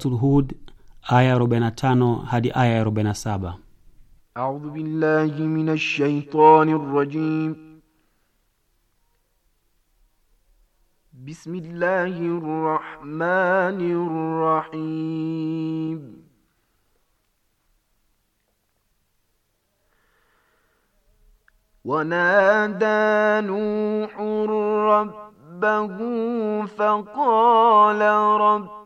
suratul hud aya ya 45 hadi aya ya 47 audhu billahi minash shaitani rajim بسم الله الرحمن الرحيم ونادى نوح ربه فقال رب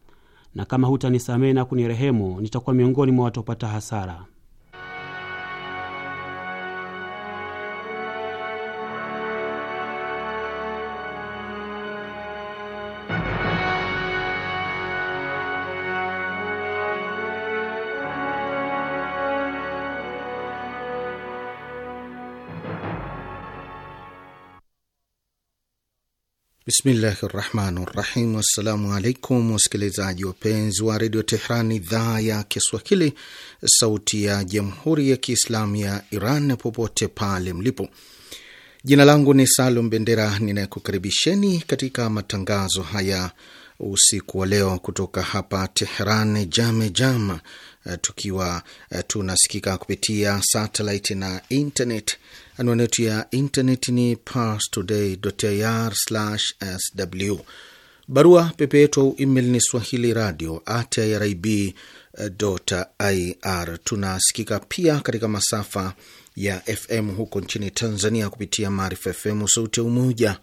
na kama hutanisamehe na kunirehemu nitakuwa miongoni mwa watopata hasara. Bismillahi rahmani rahim. Assalamu alaikum wasikilizaji wapenzi wa redio Tehran, idhaa ya Kiswahili, sauti ya jamhuri ya kiislamu ya Iran, popote pale mlipo. Jina langu ni Salum Bendera ninayekukaribisheni katika matangazo haya usiku wa leo kutoka hapa Tehran, Jame Eh, tukiwa eh, tunasikika kupitia satellite na internet. Anwani yetu ya internet ni parstoday.ir/sw, barua pepe yetu au email ni swahili radio at irib.ir. Tunasikika pia katika masafa ya FM huko nchini Tanzania kupitia Maarifa FM sauti ya Umoja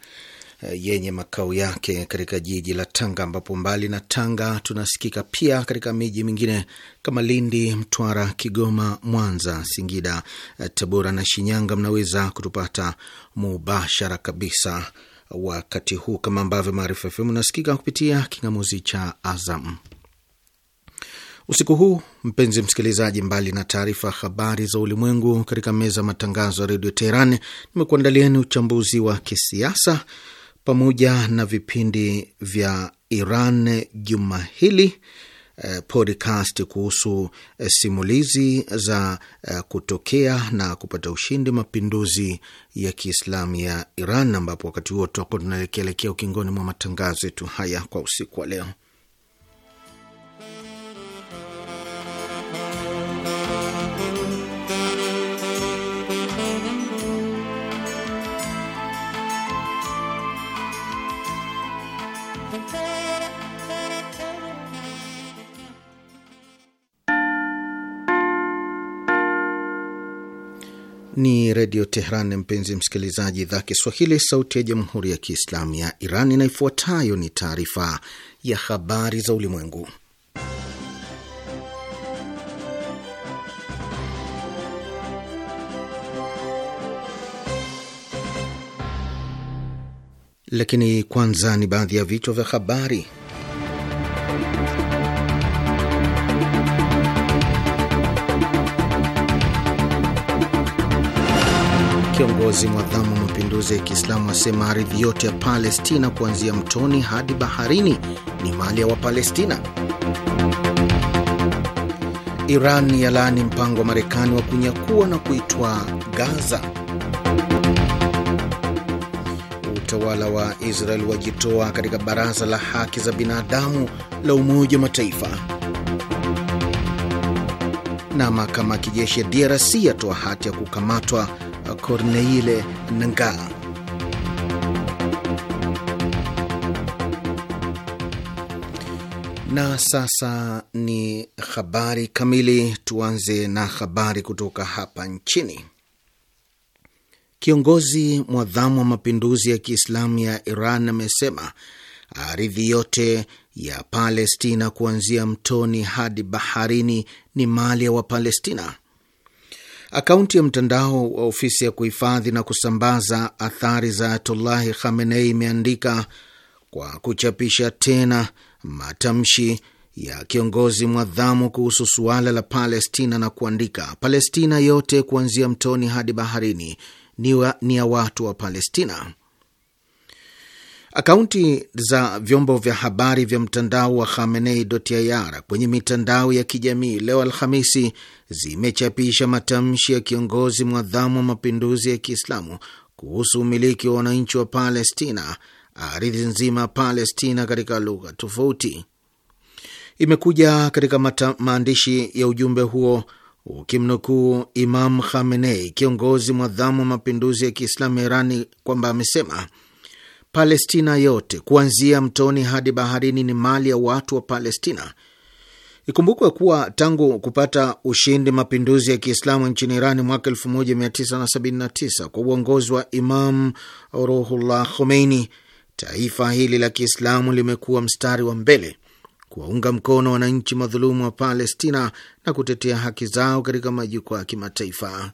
Eh, yenye makao yake katika jiji la Tanga, ambapo mbali na Tanga tunasikika pia katika miji mingine kama Lindi, Mtwara, Kigoma, Mwanza, Singida, eh, Tabora na Shinyanga. Mnaweza kutupata mubashara kabisa wakati huu kama ambavyo Maarifa FM unasikika kupitia kingamuzi cha Azam. Usiku huu mpenzi msikilizaji, mbali na taarifa habari za ulimwengu katika meza matangazo ya redio Teheran, nimekuandalieni uchambuzi wa kisiasa pamoja na vipindi vya Iran juma hili eh, podcast kuhusu eh, simulizi za eh, kutokea na kupata ushindi mapinduzi ya Kiislamu ya Iran, ambapo wakati huo tutakuwa tunaelekea ukingoni mwa matangazo yetu haya kwa usiku wa leo. ni Redio Tehran, mpenzi msikilizaji, idhaa Kiswahili, sauti ya jamhuri ya kiislamu ya Iran. Inayofuatayo ni taarifa ya habari za ulimwengu, lakini kwanza ni baadhi ya vichwa vya habari. Kiongozi mwadhamu wa mapinduzi ya Kiislamu asema ardhi yote ya Palestina kuanzia mtoni hadi baharini ni mali ya Wapalestina. Iran yalaani mpango wa Marekani wa kunyakua na kuitwa Gaza. Utawala wa Israel wajitoa katika baraza la haki za binadamu la Umoja wa Mataifa, na mahakama ya kijeshi ya DRC yatoa hati ya kukamatwa Corneille Nangaa. Na sasa ni habari kamili. Tuanze na habari kutoka hapa nchini. Kiongozi mwadhamu wa mapinduzi ya Kiislamu ya Iran amesema ardhi yote ya Palestina kuanzia mtoni hadi baharini ni mali ya Wapalestina. Akaunti ya mtandao wa ofisi ya kuhifadhi na kusambaza athari za Ayatullahi Khamenei imeandika kwa kuchapisha tena matamshi ya kiongozi mwadhamu kuhusu suala la Palestina na kuandika, Palestina yote kuanzia mtoni hadi baharini ni ya watu wa Palestina. Akaunti za vyombo vya habari vya mtandao wa Khamenei.ir kwenye mitandao ya kijamii leo Alhamisi zimechapisha matamshi ya kiongozi mwadhamu wa mapinduzi ya Kiislamu kuhusu umiliki wa wananchi wa Palestina, ardhi nzima ya Palestina, katika lugha tofauti. Imekuja katika maandishi ya ujumbe huo ukimnukuu Imam Khamenei, kiongozi mwadhamu wa mapinduzi ya Kiislamu Irani, kwamba amesema Palestina yote kuanzia mtoni hadi baharini ni mali ya watu wa Palestina. Ikumbukwe kuwa tangu kupata ushindi mapinduzi ya Kiislamu nchini Irani mwaka 1979 kwa uongozi wa Imam Ruhullah Khomeini, taifa hili la Kiislamu limekuwa mstari wa mbele kuwaunga mkono wananchi madhulumu wa Palestina na kutetea haki zao katika majukwaa ya kimataifa.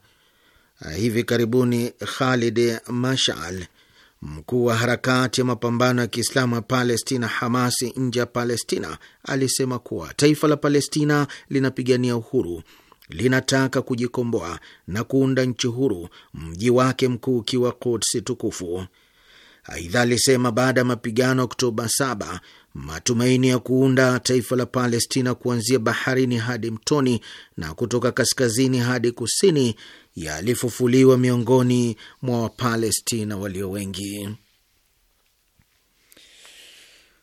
Hivi karibuni Khalid Mashal, Mkuu wa harakati ya mapambano ya Kiislamu ya Palestina, Hamasi, nje ya Palestina alisema kuwa taifa la Palestina linapigania uhuru, linataka kujikomboa na kuunda nchi huru, mji wake mkuu ukiwa Kudsi tukufu. Aidha alisema baada ya mapigano Oktoba 7 matumaini ya kuunda taifa la Palestina kuanzia baharini hadi mtoni na kutoka kaskazini hadi kusini yalifufuliwa miongoni mwa Wapalestina walio wengi.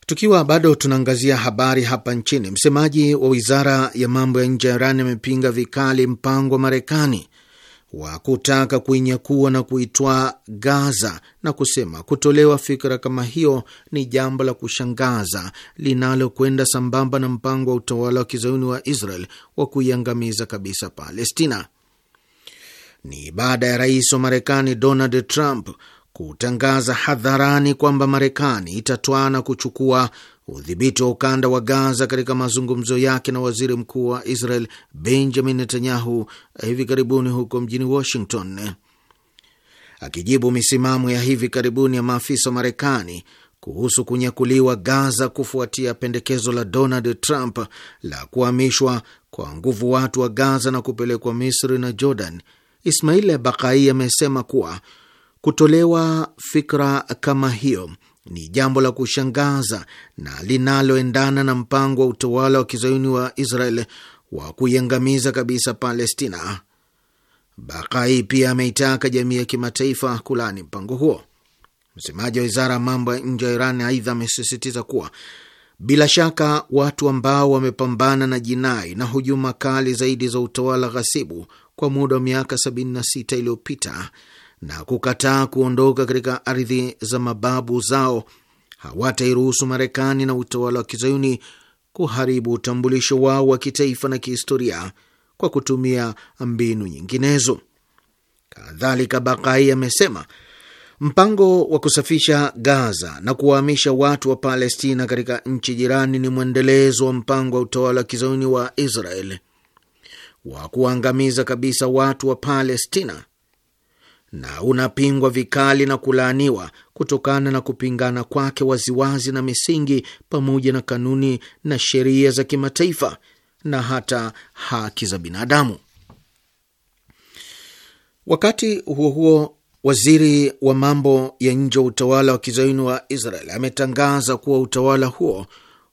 Tukiwa bado tunaangazia habari hapa nchini, msemaji wa wizara ya mambo ya nje ya Iran amepinga vikali mpango wa Marekani wa kutaka kuinyakua na kuitwaa Gaza na kusema kutolewa fikra kama hiyo ni jambo la kushangaza linalokwenda sambamba na mpango wa utawala wa kizayuni wa Israel wa kuiangamiza kabisa Palestina ni baada ya rais wa Marekani Donald Trump kutangaza hadharani kwamba Marekani itatwana kuchukua udhibiti wa ukanda wa Gaza katika mazungumzo yake na waziri mkuu wa Israel Benjamin Netanyahu hivi karibuni huko mjini Washington. Akijibu misimamo ya hivi karibuni ya maafisa wa Marekani kuhusu kunyakuliwa Gaza kufuatia pendekezo la Donald Trump la kuhamishwa kwa nguvu watu wa Gaza na kupelekwa Misri na Jordan, Ismail Bakai amesema kuwa kutolewa fikra kama hiyo ni jambo la kushangaza na linaloendana na mpango wa utawala wa kizayuni wa Israel wa kuiangamiza kabisa Palestina. Bakai pia ameitaka jamii ya kimataifa kulani mpango huo. Msemaji wa wizara ya mambo ya nje ya Iran aidha amesisitiza kuwa bila shaka watu ambao wamepambana na jinai na hujuma kali zaidi za utawala ghasibu kwa muda wa miaka 76 iliyopita na kukataa kuondoka katika ardhi za mababu zao, hawatairuhusu Marekani na utawala wa kizayuni kuharibu utambulisho wao wa kitaifa na kihistoria kwa kutumia mbinu nyinginezo. Kadhalika, Bakai amesema mpango wa kusafisha Gaza na kuwahamisha watu wa Palestina katika nchi jirani ni mwendelezo wa mpango wa utawala wa kizayuni wa Israel wa kuangamiza kabisa watu wa Palestina na unapingwa vikali na kulaaniwa kutokana na kupingana kwake waziwazi na misingi pamoja na kanuni na sheria za kimataifa na hata haki za binadamu. Wakati huo huo, waziri wa mambo ya nje wa utawala wa kizayuni wa Israel ametangaza kuwa utawala huo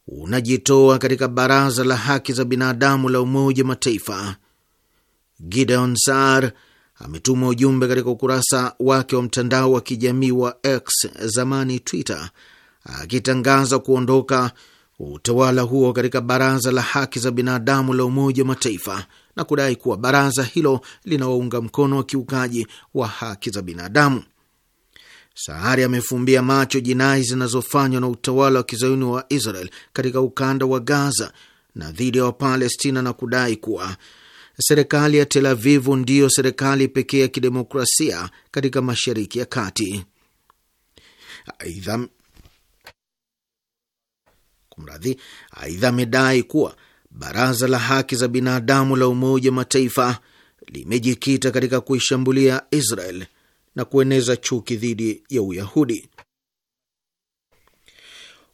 unajitoa katika Baraza la Haki za Binadamu la Umoja Mataifa. Gideon Saar ametuma ujumbe katika ukurasa wake wa mtandao wa kijamii wa X, zamani Twitter, akitangaza kuondoka utawala huo katika Baraza la Haki za Binadamu la Umoja wa Mataifa na kudai kuwa baraza hilo linawaunga mkono wakiukaji wa haki za binadamu. Saari amefumbia macho jinai zinazofanywa na utawala wa kizayuni wa Israel katika ukanda wa Gaza na dhidi ya Wapalestina na kudai kuwa serikali ya Tel Avivu ndiyo serikali pekee ya kidemokrasia katika Mashariki ya Kati. Aidha, kumradhi, aidha amedai kuwa Baraza la Haki za Binadamu la Umoja wa Mataifa limejikita katika kuishambulia Israel na kueneza chuki dhidi ya Uyahudi.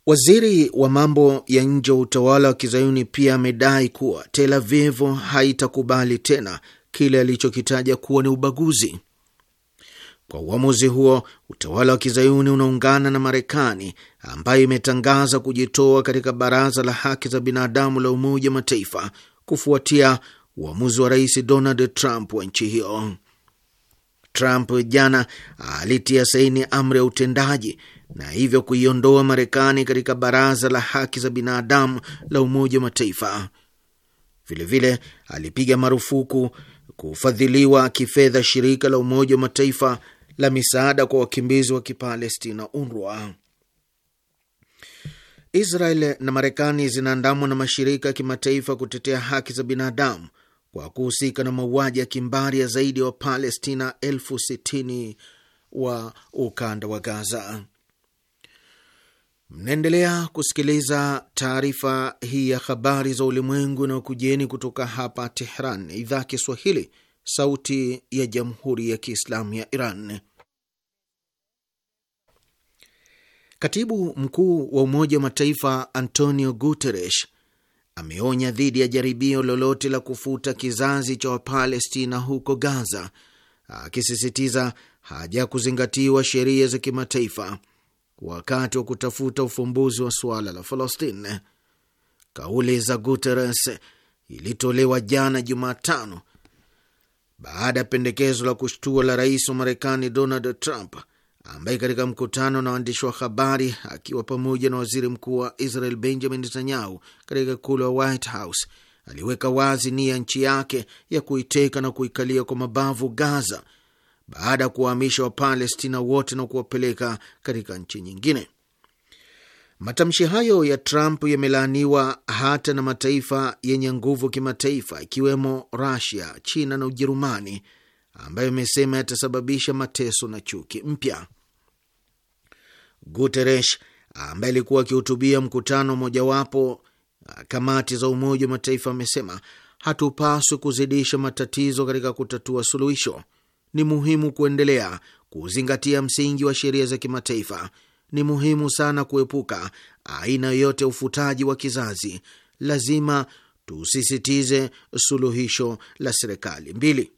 Waziri wa mambo ya nje wa utawala wa kizayuni pia amedai kuwa Tel Aviv haitakubali tena kile alichokitaja kuwa ni ubaguzi. Kwa uamuzi huo, utawala wa kizayuni unaungana na Marekani ambayo imetangaza kujitoa katika Baraza la Haki za Binadamu la Umoja wa Mataifa kufuatia uamuzi wa Rais Donald Trump wa nchi hiyo. Trump jana alitia saini amri ya utendaji na hivyo kuiondoa Marekani katika Baraza la Haki za Binadamu la Umoja wa Mataifa. Vilevile vile, alipiga marufuku kufadhiliwa kifedha shirika la Umoja wa Mataifa la misaada kwa wakimbizi wa Kipalestina, UNRWA. Israel na Marekani zinaandamwa na mashirika ya kimataifa kutetea haki za binadamu kwa kuhusika na mauaji ya kimbari ya zaidi ya wa Wapalestina elfu sitini wa ukanda wa Gaza. Mnaendelea kusikiliza taarifa hii ya habari za ulimwengu na ukujeni kutoka hapa Tehran, idhaa Kiswahili, sauti ya jamhuri ya kiislamu ya Iran. Katibu mkuu wa Umoja wa Mataifa Antonio Guterres ameonya dhidi ya jaribio lolote la kufuta kizazi cha Wapalestina huko Gaza, akisisitiza haja ya kuzingatiwa sheria za kimataifa wakati wa kutafuta ufumbuzi wa suala la Falastine. Kauli za Guterres ilitolewa jana Jumatano baada ya pendekezo la kushtua la rais wa Marekani Donald Trump ambaye katika mkutano na waandishi wa habari akiwa pamoja na waziri mkuu wa Israel Benjamin Netanyahu katika ikulu ya White House aliweka wazi nia ya nchi yake ya kuiteka na kuikalia kwa mabavu Gaza baada ya kuwahamisha Wapalestina wote na kuwapeleka katika nchi nyingine. Matamshi hayo ya Trump yamelaaniwa hata na mataifa yenye nguvu kimataifa ikiwemo rasia China na Ujerumani ambayo imesema yatasababisha mateso na chuki mpya. Guterres ambaye alikuwa akihutubia mkutano mojawapo uh, kamati za Umoja wa Mataifa amesema hatupaswi kuzidisha matatizo katika kutatua suluhisho. Ni muhimu kuendelea kuzingatia msingi wa sheria za kimataifa. Ni muhimu sana kuepuka aina yoyote ya ufutaji wa kizazi. Lazima tusisitize suluhisho la serikali mbili.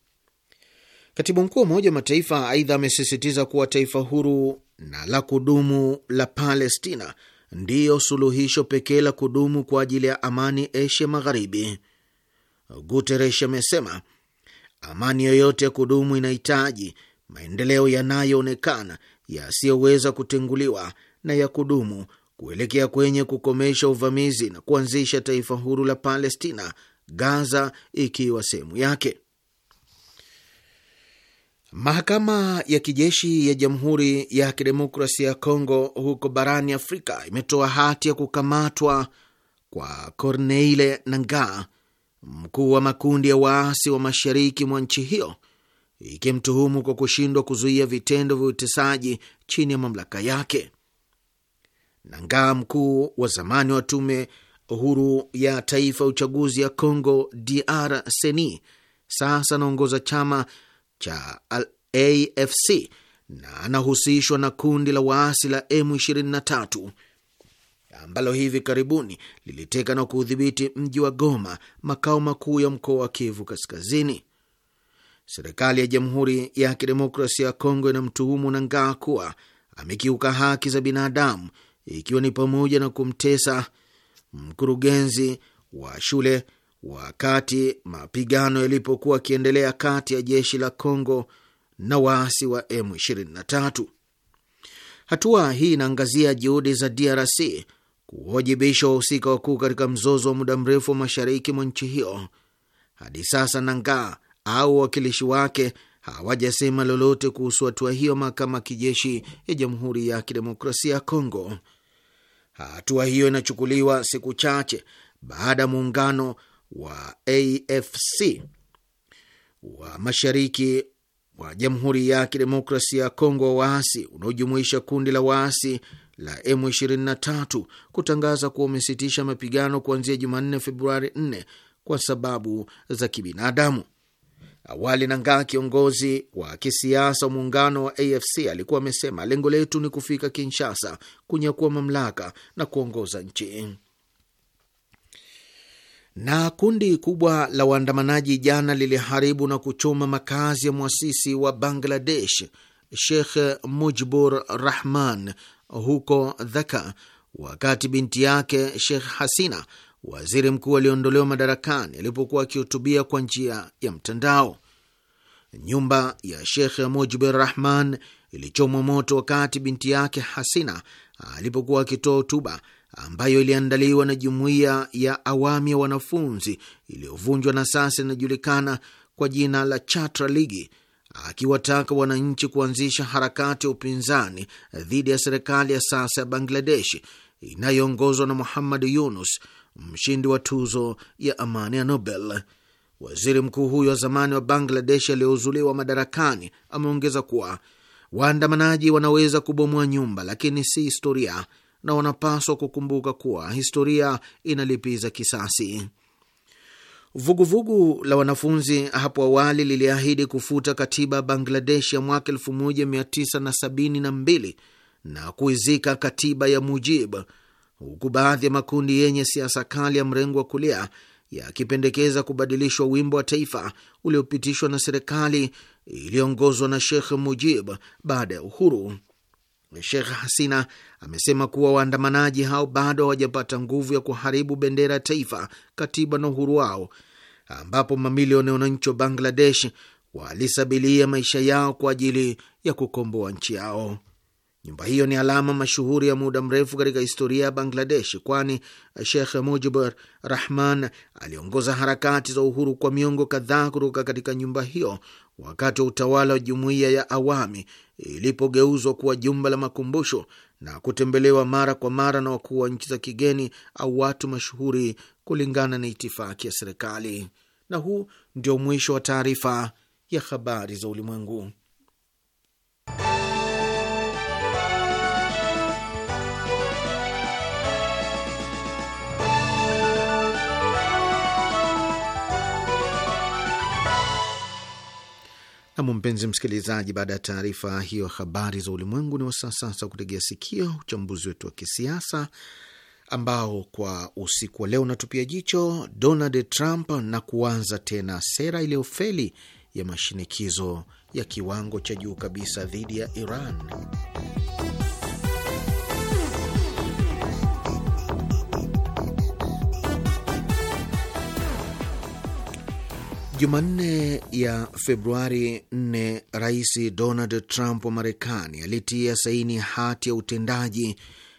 Katibu mkuu wa Umoja wa Mataifa aidha amesisitiza kuwa taifa huru na la kudumu la Palestina ndiyo suluhisho pekee la kudumu kwa ajili ya amani Asia Magharibi. Guteresh amesema amani yoyote ya kudumu inahitaji maendeleo yanayoonekana, yasiyoweza kutenguliwa na ya kudumu kuelekea kwenye kukomesha uvamizi na kuanzisha taifa huru la Palestina, Gaza ikiwa sehemu yake. Mahakama ya kijeshi ya Jamhuri ya Kidemokrasia ya Kongo huko barani Afrika imetoa hati ya kukamatwa kwa Corneille Nangaa, mkuu wa makundi ya waasi wa mashariki mwa nchi hiyo, ikimtuhumu kwa kushindwa kuzuia vitendo vya utesaji chini ya mamlaka yake. Nangaa, mkuu wa zamani wa tume huru ya taifa uchaguzi ya congo DR Seni, sasa anaongoza chama cha AFC na anahusishwa na kundi la waasi la M23 ambalo hivi karibuni liliteka na kuudhibiti mji wa Goma, makao makuu ya mkoa wa Kivu Kaskazini. Serikali ya Jamhuri ya Kidemokrasia ya Kongo inamtuhumu na ngaa kuwa amekiuka haki za binadamu, ikiwa ni pamoja na kumtesa mkurugenzi wa shule wakati mapigano yalipokuwa akiendelea kati ya jeshi la congo na waasi wa M23. Hatua hii inaangazia juhudi za DRC kuwajibisha wahusika wakuu katika mzozo wa muda mrefu wa mashariki mwa nchi hiyo. Hadi sasa Nangaa au wawakilishi wake hawajasema lolote kuhusu hatua hiyo mahakama ya kijeshi ya Jamhuri ya Kidemokrasia ya Kongo. Hatua hiyo inachukuliwa siku chache baada ya muungano wa AFC wa mashariki wa Jamhuri ya Kidemokrasia ya Kongo wa waasi unaojumuisha kundi la waasi la M23 kutangaza kuwa umesitisha mapigano kuanzia Jumanne Februari 4 kwa sababu za kibinadamu. Awali Nangaa, kiongozi wa kisiasa muungano wa AFC, alikuwa amesema lengo letu ni kufika Kinshasa, kunyakua mamlaka na kuongoza nchi. Na kundi kubwa la waandamanaji jana liliharibu na kuchoma makazi ya mwasisi wa Bangladesh Sheikh Mujibur Rahman huko Dhaka, wakati binti yake Sheikh Hasina, waziri mkuu aliyeondolewa madarakani, alipokuwa akihutubia kwa njia ya mtandao. Nyumba ya Sheikh Mujibur Rahman ilichomwa moto wakati binti yake Hasina alipokuwa akitoa hotuba ambayo iliandaliwa na jumuiya ya awami ya wanafunzi iliyovunjwa na sasa inajulikana kwa jina la Chatra Ligi, akiwataka wananchi kuanzisha harakati ya upinzani dhidi ya serikali ya sasa ya Bangladesh inayoongozwa na Muhammad Yunus, mshindi wa tuzo ya amani ya Nobel. Waziri mkuu huyo wa zamani wa Bangladesh aliyeuzuliwa madarakani ameongeza kuwa waandamanaji wanaweza kubomoa nyumba, lakini si historia na wanapaswa kukumbuka kuwa historia inalipiza kisasi. Vuguvugu vugu la wanafunzi hapo awali liliahidi kufuta katiba ya Bangladesh ya mwaka 1972 na kuizika katiba ya Mujib, huku baadhi ya makundi yenye siasa kali ya mrengo wa kulia yakipendekeza kubadilishwa wimbo wa taifa uliopitishwa na serikali iliyoongozwa na Sheikh Mujib baada ya uhuru. Shekh Hasina amesema kuwa waandamanaji hao bado hawajapata nguvu ya kuharibu bendera ya taifa, katiba na uhuru wao, ambapo mamilioni ya wananchi wa Bangladesh walisabilia maisha yao kwa ajili ya kukomboa nchi yao. Nyumba hiyo ni alama mashuhuri ya muda mrefu katika historia ya Bangladesh, kwani Shekh Mujibur Rahman aliongoza harakati za uhuru kwa miongo kadhaa kutoka katika nyumba hiyo wakati wa utawala wa Jumuiya ya Awami ilipogeuzwa kuwa jumba la makumbusho na kutembelewa mara kwa mara na wakuu wa nchi za kigeni au watu mashuhuri kulingana na itifaki ya serikali. Na huu ndio mwisho wa taarifa ya habari za ulimwengu. Nam, mpenzi msikilizaji, baada ya taarifa hiyo habari za ulimwengu, ni wasaa sasa kutegea sikio uchambuzi wetu wa kisiasa ambao kwa usiku wa leo unatupia jicho Donald Trump na kuanza tena sera iliyofeli ya mashinikizo ya kiwango cha juu kabisa dhidi ya Iran. Jumanne ya Februari 4 Rais Donald Trump wa Marekani alitia saini hati ya utendaji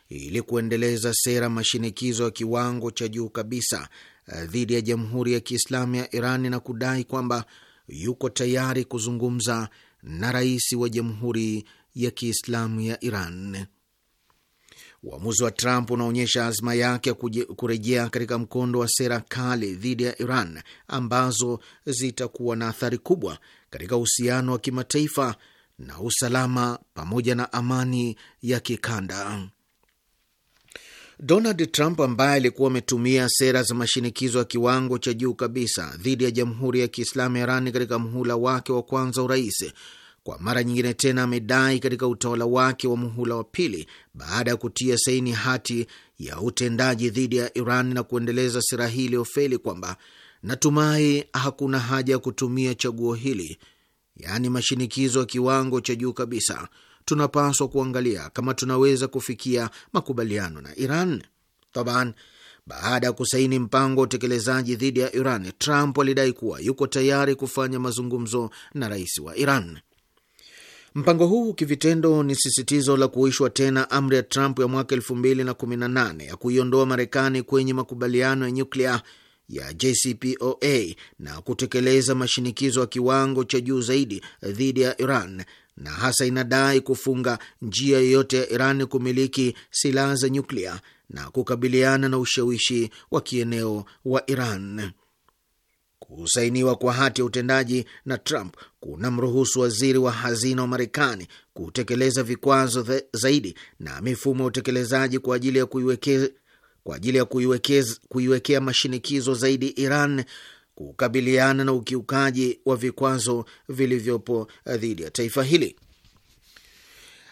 ili kuendeleza sera mashinikizo ya kiwango cha juu kabisa eh, dhidi ya Jamhuri ya Kiislamu ya Iran na kudai kwamba yuko tayari kuzungumza na rais wa Jamhuri ya Kiislamu ya Iran. Uamuzi wa Trump unaonyesha azma yake kurejea katika mkondo wa sera kali dhidi ya Iran ambazo zitakuwa na athari kubwa katika uhusiano wa kimataifa na usalama pamoja na amani ya kikanda. Donald Trump ambaye alikuwa ametumia sera za mashinikizo ya kiwango cha juu kabisa dhidi ya Jamhuri ya Kiislamu ya Iran katika mhula wake wa kwanza urais kwa mara nyingine tena amedai katika utawala wake wa muhula wa pili baada ya kutia saini hati ya utendaji dhidi ya Iran na kuendeleza sera hii iliyofeli kwamba natumai hakuna haja ya kutumia chaguo hili, yaani mashinikizo ya kiwango cha juu kabisa. Tunapaswa kuangalia kama tunaweza kufikia makubaliano na Iran taban baada ya kusaini mpango wa utekelezaji dhidi ya Iran, Trump alidai kuwa yuko tayari kufanya mazungumzo na rais wa Iran. Mpango huu kivitendo ni sisitizo la kuishwa tena amri ya Trump ya mwaka 2018 ya kuiondoa Marekani kwenye makubaliano ya nyuklia ya JCPOA na kutekeleza mashinikizo ya kiwango cha juu zaidi dhidi ya Iran na hasa inadai kufunga njia yoyote ya Iran kumiliki silaha za nyuklia na kukabiliana na ushawishi wa kieneo wa Iran. Kusainiwa kwa hati ya utendaji na Trump kuna mruhusu waziri wa hazina wa Marekani kutekeleza vikwazo zaidi na mifumo ya utekelezaji kwa ajili ya kuiwekea kwa ajili ya kuiwekea mashinikizo zaidi Iran kukabiliana na ukiukaji wa vikwazo vilivyopo dhidi ya taifa hili.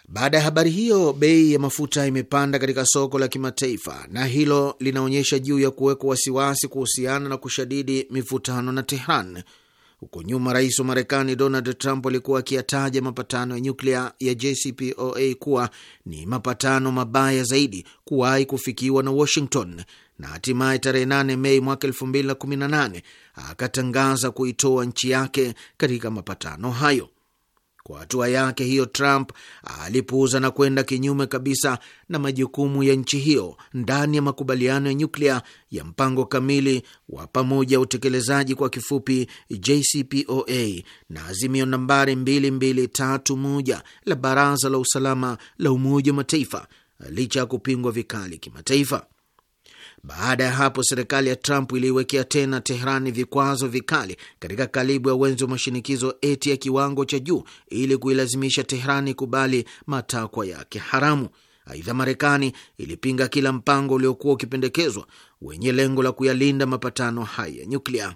Baada ya habari hiyo, bei ya mafuta imepanda katika soko la kimataifa, na hilo linaonyesha juu ya kuwekwa wasiwasi kuhusiana na kushadidi mivutano na Tehran. Huko nyuma, rais wa Marekani Donald Trump alikuwa akiyataja mapatano ya nyuklia ya JCPOA kuwa ni mapatano mabaya zaidi kuwahi kufikiwa na Washington, na hatimaye tarehe 8 Mei mwaka 2018 akatangaza kuitoa nchi yake katika mapatano hayo. Kwa hatua yake hiyo, Trump alipuuza na kwenda kinyume kabisa na majukumu ya nchi hiyo ndani ya makubaliano ya nyuklia ya mpango kamili wa pamoja utekelezaji, kwa kifupi JCPOA, na azimio nambari 2231 la Baraza la Usalama la Umoja wa Mataifa licha ya kupingwa vikali kimataifa. Baada ya hapo, serikali ya Trump iliiwekea tena Teherani vikwazo vikali katika kalibu ya wenzi wa mashinikizo eti ya kiwango cha juu ili kuilazimisha Teherani kubali matakwa yake haramu. Aidha, Marekani ilipinga kila mpango uliokuwa ukipendekezwa wenye lengo la kuyalinda mapatano haya ya nyuklia.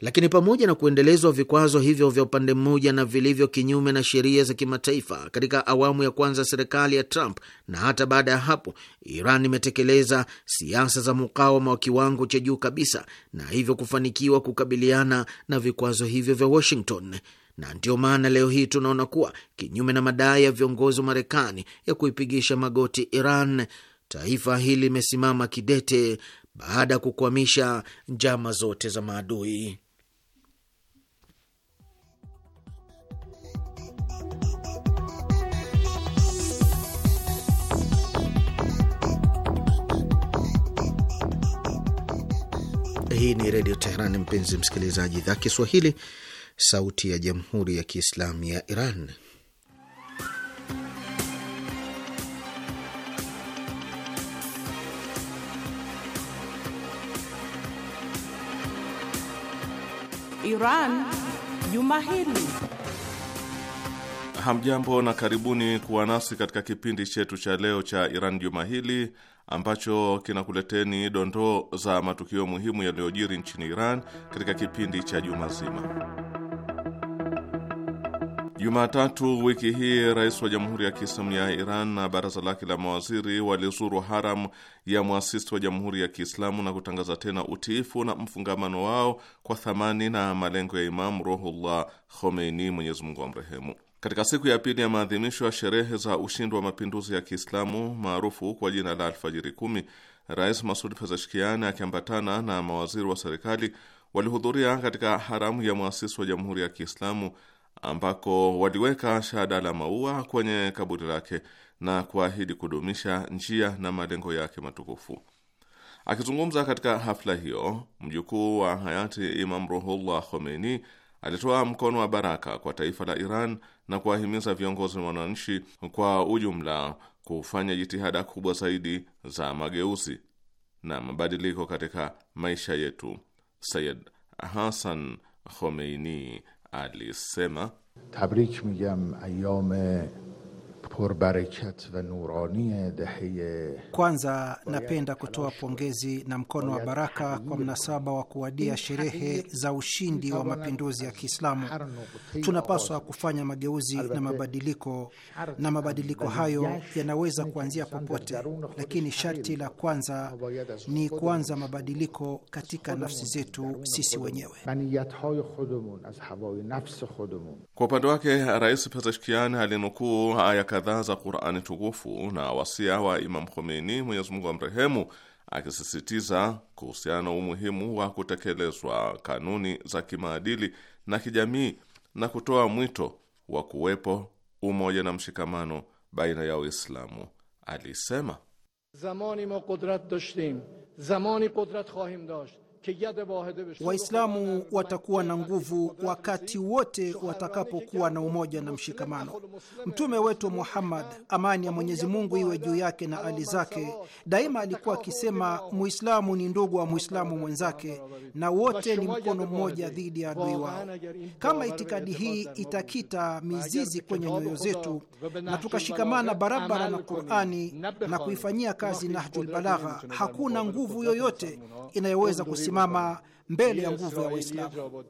Lakini pamoja na kuendelezwa vikwazo hivyo vya upande mmoja na vilivyo kinyume na sheria za kimataifa katika awamu ya kwanza serikali ya Trump na hata baada ya hapo, Iran imetekeleza siasa za mukawama wa kiwango cha juu kabisa na hivyo kufanikiwa kukabiliana na vikwazo hivyo vya Washington na ndiyo maana leo hii tunaona kuwa kinyume na madai ya viongozi wa Marekani ya kuipigisha magoti Iran, taifa hili limesimama kidete baada ya kukwamisha njama zote za maadui. Hii ni Redio Teheran, mpenzi msikilizaji, idhaa Kiswahili, sauti ya Jamhuri ya Kiislamu ya Iran. Iran Juma Hili. Hamjambo na karibuni kuwa nasi katika kipindi chetu cha leo cha Iran Juma Hili ambacho kinakuleteni dondoo za matukio muhimu yaliyojiri nchini Iran katika kipindi cha juma zima. Jumatatu wiki hii rais wa Jamhuri ya Kiislamu ya Iran na baraza lake la mawaziri walizuru haram ya mwasisi wa Jamhuri ya Kiislamu na kutangaza tena utiifu na mfungamano wao kwa thamani na malengo ya Imamu Ruhullah Khomeini, Mwenyezi Mungu amrehemu. Katika siku ya pili ya maadhimisho ya sherehe za ushindi wa mapinduzi ya Kiislamu maarufu kwa jina la Alfajiri Kumi, Rais Masud Pezeshkian akiambatana na mawaziri wa serikali walihudhuria katika haramu ya mwasisi wa Jamhuri ya Kiislamu ambako waliweka shada la maua kwenye kaburi lake na kuahidi kudumisha njia na malengo yake matukufu. Akizungumza katika hafla hiyo, mjukuu wa hayati Imam Ruhullah Khomeini alitoa mkono wa baraka kwa taifa la Iran na kuwahimiza viongozi na wananchi kwa ujumla kufanya jitihada kubwa zaidi za mageuzi na mabadiliko katika maisha yetu. Sayid Hasan Khomeini alisema, tabrik migam ayame E kwanza napenda kutoa pongezi na mkono wa baraka kwa mnasaba wa kuwadia sherehe za ushindi wa mapinduzi ya Kiislamu. Tunapaswa kufanya mageuzi na mabadiliko, na mabadiliko hayo yanaweza kuanzia popote, lakini sharti la kwanza ni kuanza mabadiliko katika nafsi zetu sisi wenyewe. Kwa upande wake, Rais Pezeshkian alinukuu aya kadhaa kadhaa za Qurani tukufu na wasia wa Imam Khomeini, Mwenyezi Mungu amrehemu, akisisitiza kuhusiana umuhimu wa kutekelezwa kanuni za kimaadili na kijamii na kutoa mwito wa kuwepo umoja na mshikamano baina ya uislamu Alisema zamani ma kudrat dashtim zamani kudrat khahim dasht Waislamu watakuwa na nguvu wakati wote watakapokuwa na umoja na mshikamano. Mtume wetu Muhammad, amani ya Mwenyezi Mungu iwe juu yake na ali zake, daima alikuwa akisema, Muislamu ni ndugu wa Muislamu mwenzake na wote ni mkono mmoja dhidi ya adui wao. Kama itikadi hii itakita mizizi kwenye nyoyo zetu na tukashikamana barabara na Qurani na kuifanyia kazi Nahjul Balagha, hakuna nguvu yoyote inayoweza kusimama mbele ya nguvu ya Waislamu.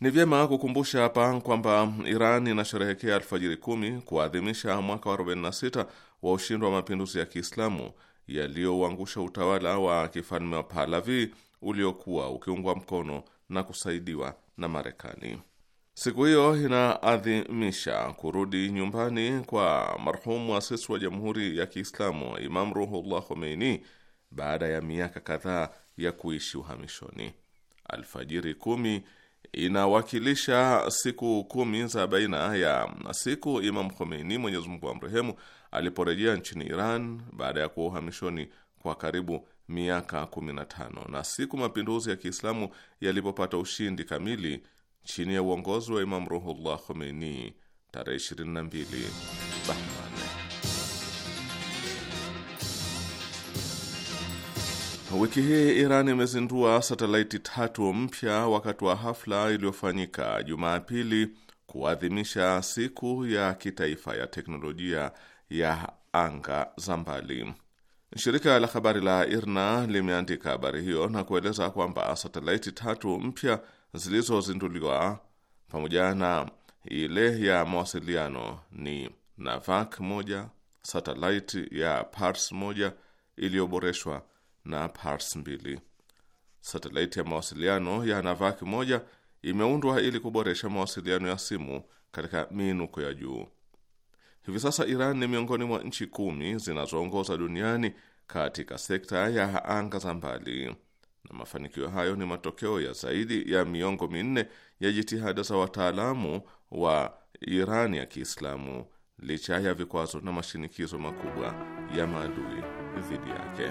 Ni vyema kukumbusha hapa kwamba Iran inasherehekea alfajiri kumi kuadhimisha mwaka wa 46 wa ushindi wa mapinduzi ya Kiislamu yaliyouangusha utawala wa kifalme wa Pahlavi uliokuwa ukiungwa mkono na kusaidiwa na Marekani. Siku hiyo inaadhimisha kurudi nyumbani kwa marhumu asisi wa Jamhuri ya Kiislamu Imam Ruhullah Khomeini baada ya miaka kadhaa ya kuishi uhamishoni. Alfajiri kumi inawakilisha siku kumi za baina ya siku Imam Khomeini, Mwenyezi Mungu amrehemu, aliporejea nchini Iran baada ya kuwa uhamishoni kwa karibu miaka 15 na siku mapinduzi ya Kiislamu yalipopata ushindi kamili chini ya uongozi wa Imam Ruhullah Khomeini tarehe 22 Bahman. Wiki hii Iran imezindua satelaiti tatu mpya wakati wa hafla iliyofanyika Jumapili kuadhimisha siku ya kitaifa ya teknolojia ya anga za mbali. Shirika la habari la IRNA limeandika habari hiyo na kueleza kwamba satelaiti tatu mpya zilizozinduliwa pamoja na ile ya mawasiliano ni Navak moja, satelaiti ya Pars moja iliyoboreshwa na Pars mbili. Satelaiti ya mawasiliano ya Navaki moja imeundwa ili kuboresha mawasiliano ya simu katika miinuko ya juu. Hivi sasa Iran ni miongoni mwa nchi kumi zinazoongoza duniani katika sekta ya anga za mbali, na mafanikio hayo ni matokeo ya zaidi ya miongo minne ya jitihada za wataalamu wa Iran ya Kiislamu, licha ya vikwazo na mashinikizo makubwa ya maadui dhidi yake.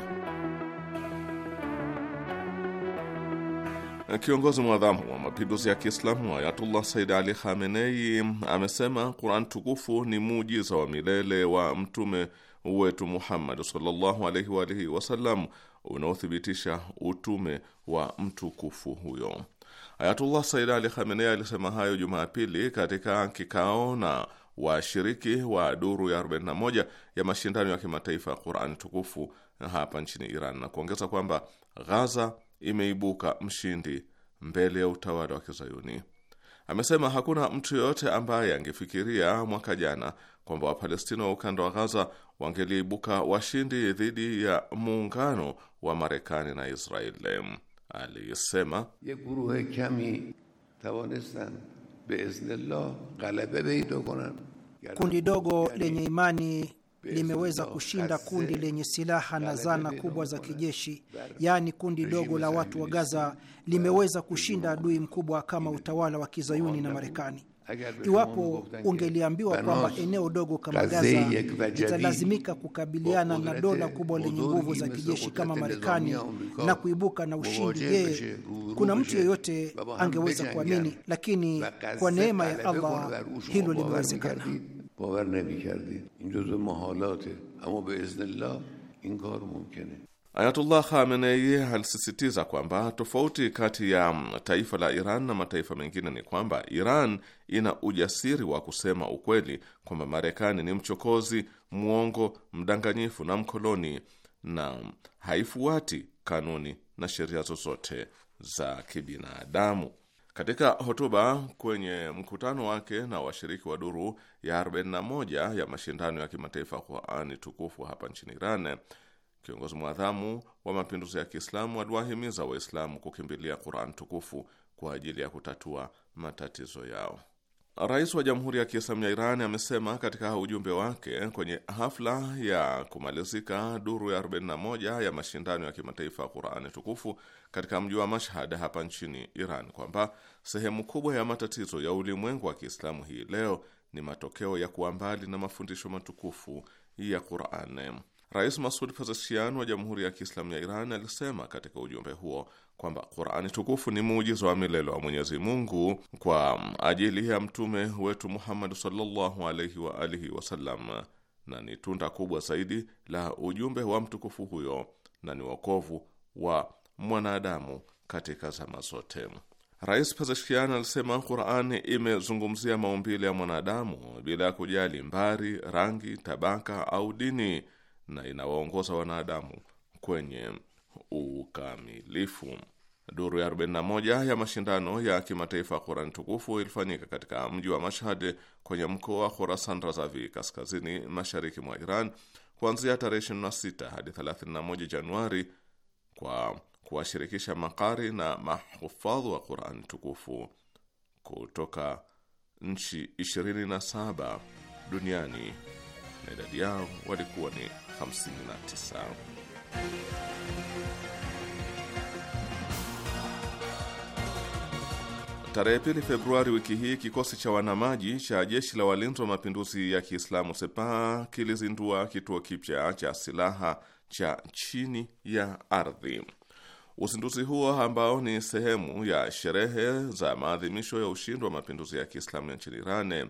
Kiongozi mwadhamu wa mapinduzi ya Kiislamu Ayatullah Said Ali Khamenei amesema Quran tukufu ni muujiza wa milele wa mtume wetu Muhammad sallallahu alaihi wa alihi wasallam unaothibitisha utume wa mtukufu huyo. Ayatullah Said Ali Khamenei alisema hayo Jumapili katika kikao na washiriki wa duru ya 41 ya mashindano ya kimataifa ya Qurani tukufu hapa nchini Iran na kuongeza kwamba Ghaza imeibuka mshindi mbele ya utawala wa Kizayuni. Amesema hakuna mtu yoyote ambaye angefikiria mwaka jana kwamba Wapalestina wa ukanda wa Ghaza wangeliibuka washindi dhidi ya muungano wa Marekani na Israeli. Alisema kundi dogo lenye imani limeweza kushinda kundi lenye silaha na zana kubwa za kijeshi, yaani kundi dogo la watu wa Gaza limeweza kushinda adui mkubwa kama utawala wa kizayuni na Marekani. Iwapo ungeliambiwa kwamba eneo dogo kama Gaza litalazimika kukabiliana na dola kubwa lenye nguvu za kijeshi kama Marekani na kuibuka na ushindi, je, kuna mtu yeyote angeweza kuamini? Lakini kwa neema ya Allah hilo limewezekana. باور نمی کردیم این جزو محالاته اما به اذن الله این کار ممکنه Ayatullah Khamenei alisisitiza kwamba tofauti kati ya taifa la Iran na mataifa mengine ni kwamba Iran ina ujasiri wa kusema ukweli kwamba Marekani ni mchokozi, mwongo, mdanganyifu na mkoloni na haifuati kanuni na sheria zozote za kibinadamu. Katika hotuba kwenye mkutano wake na washiriki wa duru ya 41 ya mashindano ya kimataifa ya Qurani tukufu hapa nchini Iran, kiongozi mwadhamu wa mapinduzi ya Kiislamu aliwahimiza Waislamu kukimbilia Quran tukufu kwa ajili ya kutatua matatizo yao. Rais wa Jamhuri ya Kiislamu ya Iran amesema katika ujumbe wake kwenye hafla ya kumalizika duru ya 41 ya mashindano ya kimataifa ya Qurani tukufu katika mji wa Mashhad hapa nchini Iran kwamba sehemu kubwa ya matatizo ya ulimwengu wa Kiislamu hii leo ni matokeo ya kuwa mbali na mafundisho matukufu ya Qur'an. Rais Masud Pezeshkian wa Jamhuri ya Kiislamu ya Iran alisema katika ujumbe huo kwamba Qur'ani tukufu ni muujizo wa milele wa Mwenyezi Mungu kwa ajili ya mtume wetu Muhammad sallallahu alaihi wa alihi wasallam, na ni tunda kubwa zaidi la ujumbe wa mtukufu huyo na ni wokovu wa mwanadamu katika zama zote. Rais Pezeshkian alisema Qurani imezungumzia maumbile ya mwanadamu bila ya kujali mbari, rangi, tabaka au dini, na inawaongoza wanadamu kwenye ukamilifu. Duru ya 41 ya mashindano ya kimataifa ya Qurani tukufu ilifanyika katika mji wa Mashhad kwenye mkoa wa Khurasan Razavi, kaskazini mashariki mwa Iran, kuanzia tarehe 26 hadi 31 Januari kwa kuwashirikisha makari na mahufadhu wa Qurani tukufu kutoka nchi 27 duniani na idadi yao walikuwa ni 59. Tarehe pili Februari wiki hii kikosi cha wanamaji cha jeshi la walinzi wa mapinduzi ya Kiislamu sepa kilizindua kituo kipya cha silaha cha chini ya ardhi Uzinduzi huo ambao ni sehemu ya sherehe za maadhimisho ya ushindi wa mapinduzi ya Kiislamu nchini Iran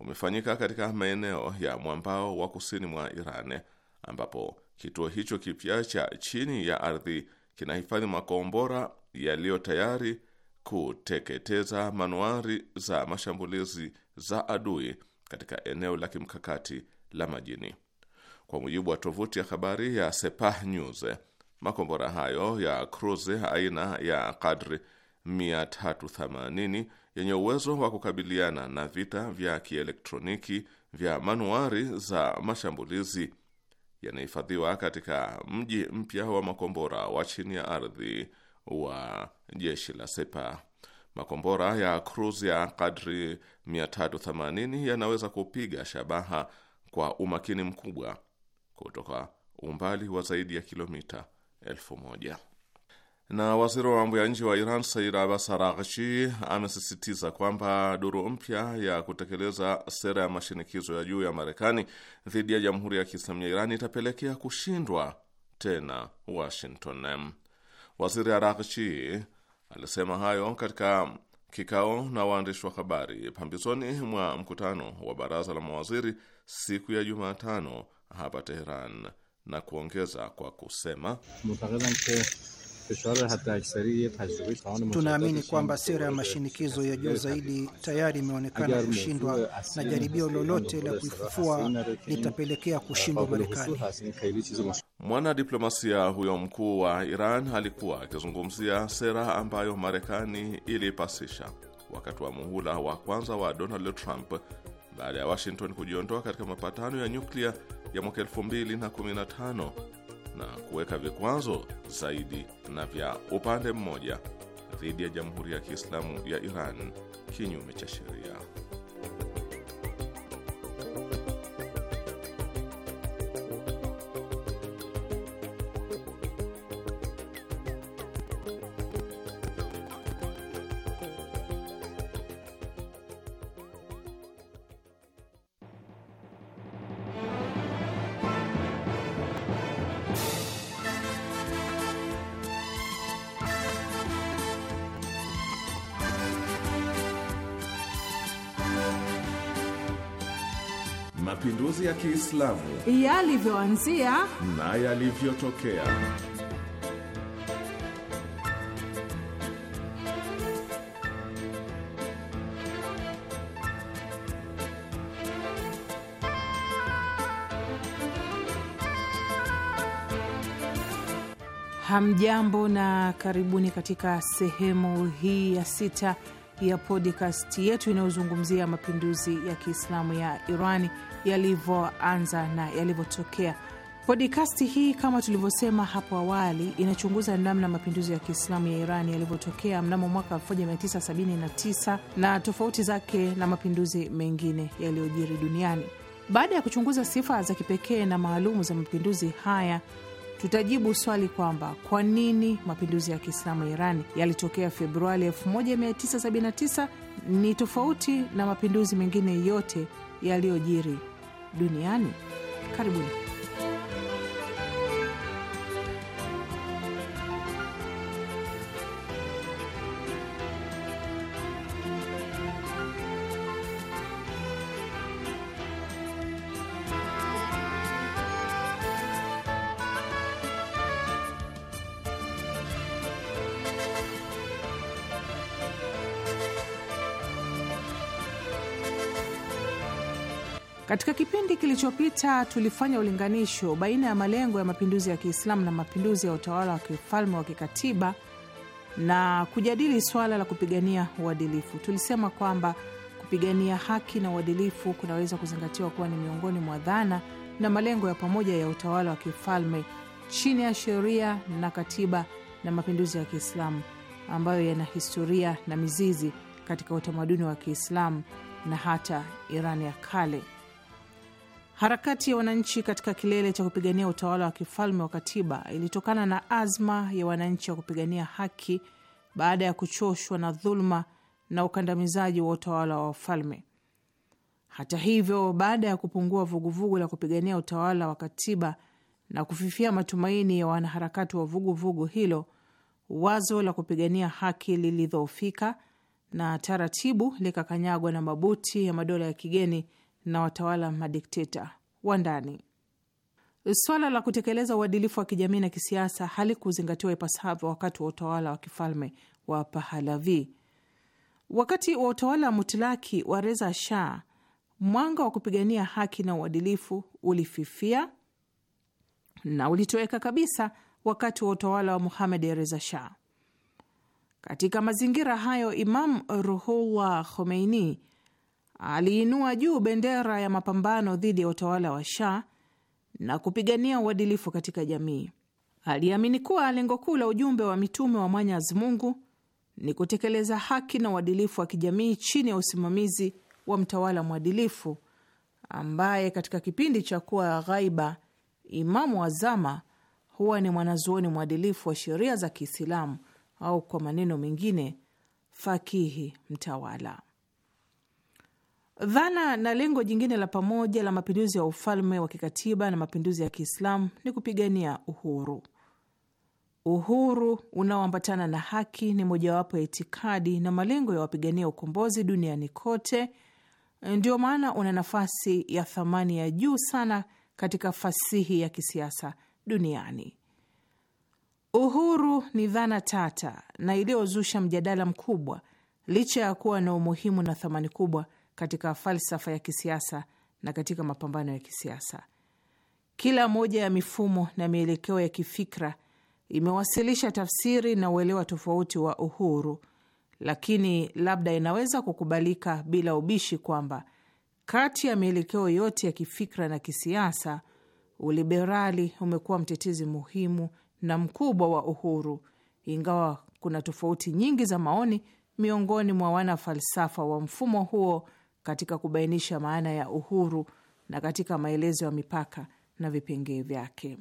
umefanyika katika maeneo ya mwambao wa kusini mwa Iran ambapo kituo hicho kipya cha chini ya ardhi kinahifadhi makombora yaliyo tayari kuteketeza manuari za mashambulizi za adui katika eneo la kimkakati la majini. Kwa mujibu wa tovuti ya habari ya Sepah News, Makombora hayo ya cruise aina ya Qadri 380 yenye uwezo wa kukabiliana na vita vya kielektroniki vya manuari za mashambulizi yanahifadhiwa katika mji mpya wa makombora wa chini ya ardhi wa jeshi la Sepa. Makombora ya cruise ya kadri 380 yanaweza kupiga shabaha kwa umakini mkubwa kutoka umbali wa zaidi ya kilomita elfu moja. Na waziri wa mambo ya nje wa Iran Said Abbas Araghchi amesisitiza kwamba duru mpya ya kutekeleza sera ya mashinikizo ya juu ya Marekani dhidi ya Jamhuri ya Kiislamu ya Iran itapelekea kushindwa tena Washington. Waziri Araghchi alisema hayo katika kikao na waandishi wa habari pambizoni mwa mkutano wa baraza la mawaziri siku ya Jumatano hapa Teheran na kuongeza kwa kusema Tunaamini kwamba sera ya mashinikizo ya juu zaidi tayari imeonekana kushindwa na jaribio lolote la kuifufua litapelekea kushindwa Marekani. Mwanadiplomasia huyo mkuu wa Iran alikuwa akizungumzia sera ambayo Marekani iliipasisha wakati wa muhula wa kwanza wa Donald Trump baada ya Washington kujiondoa katika mapatano ya nyuklia ya mwaka 2015 na kuweka vikwazo zaidi na vya upande mmoja dhidi ya Jamhuri ya Kiislamu ya Iran kinyume cha sheria. mapinduzi ya Kiislamu yalivyoanzia na yalivyotokea. Hamjambo na karibuni katika sehemu hii ya sita ya podcast yetu inayozungumzia mapinduzi ya Kiislamu ya Irani yalivyoanza na yalivyotokea. Podikasti hii kama tulivyosema hapo awali, inachunguza namna mapinduzi ya Kiislamu ya iran yalivyotokea mnamo mwaka 1979 na tofauti zake na mapinduzi mengine yaliyojiri duniani. Baada ya kuchunguza sifa za kipekee na maalumu za mapinduzi haya tutajibu swali kwamba kwa nini mapinduzi ya Kiislamu ya yalitokea Februari 1979 ni tofauti na mapinduzi mengine yote yaliyojiri duniani. Karibuni. Katika kipindi kilichopita tulifanya ulinganisho baina ya malengo ya mapinduzi ya Kiislamu na mapinduzi ya utawala wa kifalme wa kikatiba na kujadili swala la kupigania uadilifu. Tulisema kwamba kupigania haki na uadilifu kunaweza kuzingatiwa kuwa ni miongoni mwa dhana na malengo ya pamoja ya utawala wa kifalme chini ya sheria na katiba na mapinduzi ya Kiislamu ambayo yana historia na mizizi katika utamaduni wa Kiislamu na hata Irani ya kale. Harakati ya wananchi katika kilele cha kupigania utawala wa kifalme wa katiba ilitokana na azma ya wananchi wa kupigania haki baada ya kuchoshwa na dhuluma na ukandamizaji wa utawala wa wafalme. Hata hivyo, baada ya kupungua vuguvugu la kupigania utawala wa katiba na kufifia matumaini ya wanaharakati wa vuguvugu vugu hilo, wazo la kupigania haki lilidhoofika na taratibu likakanyagwa na mabuti ya madola ya kigeni na watawala madikteta wa ndani. Swala la kutekeleza uadilifu wa kijamii na kisiasa halikuzingatiwa ipasavyo wakati wa utawala wa kifalme wa Pahalavi. Wakati wa utawala wa mutilaki wa Reza Shah, mwanga wa kupigania haki na uadilifu ulififia na ulitoweka kabisa wakati wa utawala wa Muhamed Reza Shah. Katika mazingira hayo, Imam Ruhullah Khomeini aliinua juu bendera ya mapambano dhidi ya utawala wa Shah na kupigania uadilifu katika jamii. Aliamini kuwa lengo kuu la ujumbe wa mitume wa Mwenyezi Mungu ni kutekeleza haki na uadilifu wa kijamii chini ya usimamizi wa mtawala mwadilifu ambaye katika kipindi cha kuwa ghaiba imamu wa zama huwa ni mwanazuoni mwadilifu wa sheria za Kiislamu au kwa maneno mengine fakihi mtawala. Dhana na lengo jingine la pamoja la mapinduzi ya ufalme wa kikatiba na mapinduzi ya Kiislamu ni kupigania uhuru. Uhuru unaoambatana na haki ni mojawapo ya itikadi na malengo ya wapigania ukombozi duniani kote. Ndio maana una nafasi ya thamani ya juu sana katika fasihi ya kisiasa duniani. Uhuru ni dhana tata na iliyozusha mjadala mkubwa, licha ya kuwa na umuhimu na thamani kubwa katika falsafa ya kisiasa na katika mapambano ya kisiasa. Kila moja ya mifumo na mielekeo ya kifikra imewasilisha tafsiri na uelewa tofauti wa uhuru, lakini labda inaweza kukubalika bila ubishi kwamba kati ya mielekeo yote ya kifikra na kisiasa, uliberali umekuwa mtetezi muhimu na mkubwa wa uhuru, ingawa kuna tofauti nyingi za maoni miongoni mwa wanafalsafa wa mfumo huo katika kubainisha maana ya uhuru na katika maelezo ya mipaka na vipengee vyake.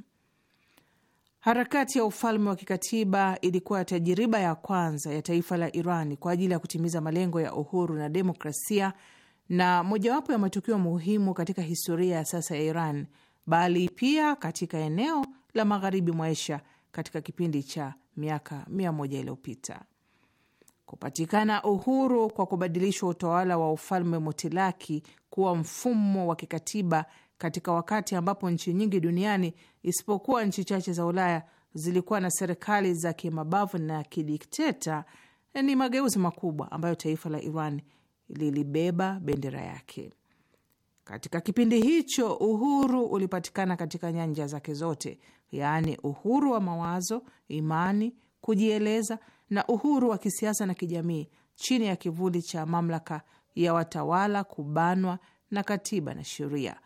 Harakati ya ufalme wa kikatiba ilikuwa tajiriba ya kwanza ya taifa la Iran kwa ajili ya kutimiza malengo ya uhuru na demokrasia na mojawapo ya matukio muhimu katika historia ya sasa ya Iran, bali pia katika eneo la magharibi mwa Asia katika kipindi cha miaka mia moja iliyopita kupatikana uhuru kwa kubadilishwa utawala wa ufalme motilaki kuwa mfumo wa kikatiba katika wakati ambapo nchi nyingi duniani isipokuwa nchi chache za Ulaya zilikuwa na serikali za kimabavu na kidikteta, ni mageuzi makubwa ambayo taifa la Iran lilibeba bendera yake. Katika kipindi hicho uhuru ulipatikana katika nyanja zake zote, yaani uhuru wa mawazo, imani, kujieleza na uhuru wa kisiasa na kijamii chini ya kivuli cha mamlaka ya watawala kubanwa na katiba na sheria.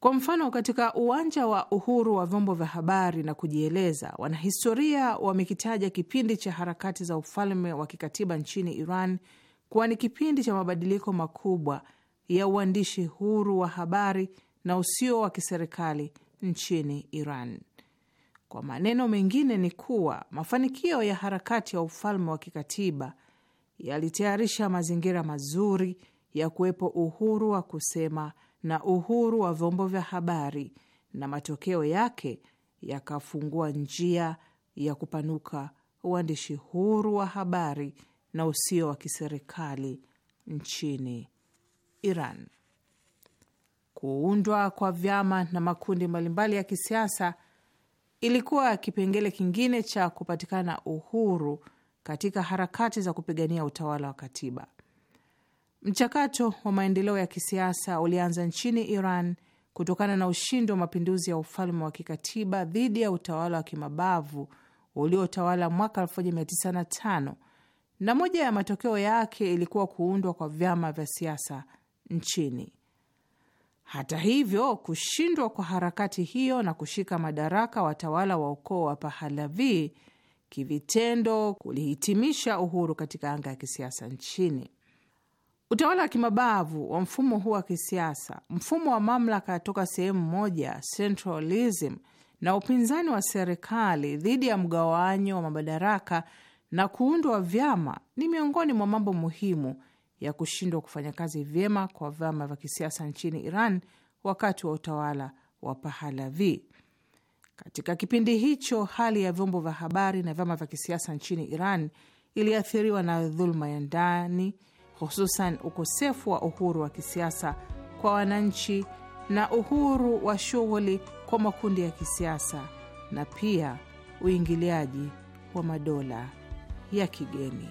Kwa mfano, katika uwanja wa uhuru wa vyombo vya habari na kujieleza, wanahistoria wamekitaja kipindi cha harakati za ufalme wa kikatiba nchini Iran kuwa ni kipindi cha mabadiliko makubwa ya uandishi huru wa habari na usio wa kiserikali nchini Iran. Kwa maneno mengine ni kuwa mafanikio ya harakati ya ufalme wa kikatiba yalitayarisha mazingira mazuri ya kuwepo uhuru wa kusema na uhuru wa vyombo vya habari, na matokeo yake yakafungua njia ya kupanuka uandishi huru wa habari na usio wa kiserikali nchini Iran. Kuundwa kwa vyama na makundi mbalimbali ya kisiasa ilikuwa kipengele kingine cha kupatikana uhuru katika harakati za kupigania utawala wa katiba. Mchakato wa maendeleo ya kisiasa ulianza nchini Iran kutokana na ushindi wa mapinduzi ya ufalme wa kikatiba dhidi ya utawala wa kimabavu uliotawala mwaka 1905 na moja ya matokeo yake ilikuwa kuundwa kwa vyama vya siasa nchini. Hata hivyo, kushindwa kwa harakati hiyo na kushika madaraka watawala wa ukoo wa Pahalavi kivitendo kulihitimisha uhuru katika anga ya kisiasa nchini. Utawala wa kimabavu wa mfumo huu wa kisiasa, mfumo wa mamlaka toka sehemu moja, centralism, na upinzani wa serikali dhidi ya mgawanyo wa madaraka na kuundwa vyama ni miongoni mwa mambo muhimu ya kushindwa kufanya kazi vyema kwa vyama vya kisiasa nchini Iran wakati wa utawala wa Pahalavi. Katika kipindi hicho, hali ya vyombo vya habari na vyama vya kisiasa nchini Iran iliathiriwa na dhuluma ya ndani, hususan ukosefu wa uhuru wa kisiasa kwa wananchi na uhuru wa shughuli kwa makundi ya kisiasa na pia uingiliaji wa madola ya kigeni.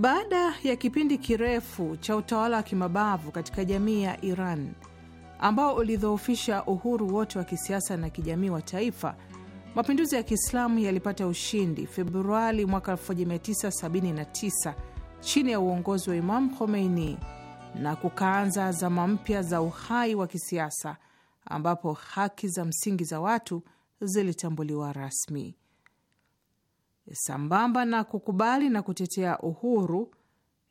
Baada ya kipindi kirefu cha utawala wa kimabavu katika jamii ya Iran ambao ulidhoofisha uhuru wote wa kisiasa na kijamii wa taifa, mapinduzi ya Kiislamu yalipata ushindi Februari mwaka 1979 chini ya uongozi wa Imam Khomeini na kukaanza zama mpya za uhai wa kisiasa ambapo haki za msingi za watu zilitambuliwa rasmi. Sambamba na kukubali na kutetea uhuru,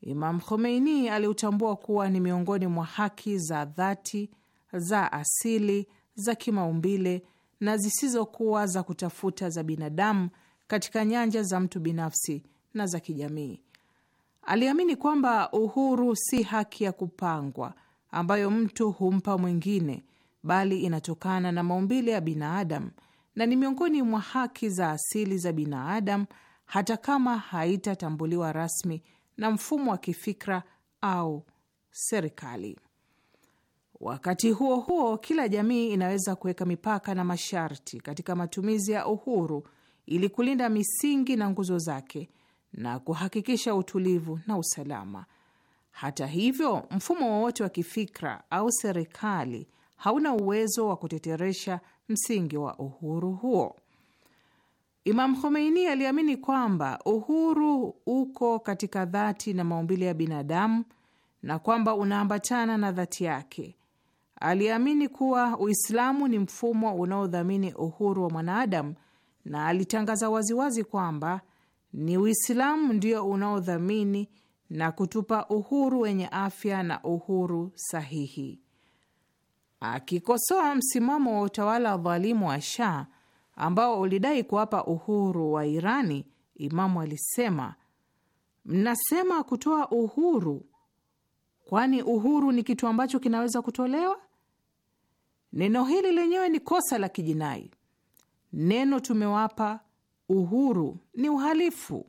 Imam Khomeini aliutambua kuwa ni miongoni mwa haki za dhati za asili za kimaumbile na zisizokuwa za kutafuta za binadamu katika nyanja za mtu binafsi na za kijamii. Aliamini kwamba uhuru si haki ya kupangwa ambayo mtu humpa mwingine, bali inatokana na maumbile ya binadamu na ni miongoni mwa haki za asili za binadamu, hata kama haitatambuliwa rasmi na mfumo wa kifikra au serikali. Wakati huo huo, kila jamii inaweza kuweka mipaka na masharti katika matumizi ya uhuru ili kulinda misingi na nguzo zake na kuhakikisha utulivu na usalama. Hata hivyo, mfumo wowote wa kifikra au serikali hauna uwezo wa kuteteresha msingi wa uhuru huo. Imam Khomeini aliamini kwamba uhuru uko katika dhati na maumbile ya binadamu na kwamba unaambatana na dhati yake. Aliamini kuwa Uislamu ni mfumo unaodhamini uhuru wa mwanadamu na alitangaza waziwazi kwamba ni Uislamu ndio unaodhamini na kutupa uhuru wenye afya na uhuru sahihi akikosoa msimamo wa utawala wa dhalimu wa Shah ambao ulidai kuwapa uhuru wa Irani. Imamu alisema, mnasema kutoa uhuru, kwani uhuru ni kitu ambacho kinaweza kutolewa? Neno hili lenyewe ni kosa la kijinai. Neno tumewapa uhuru ni uhalifu.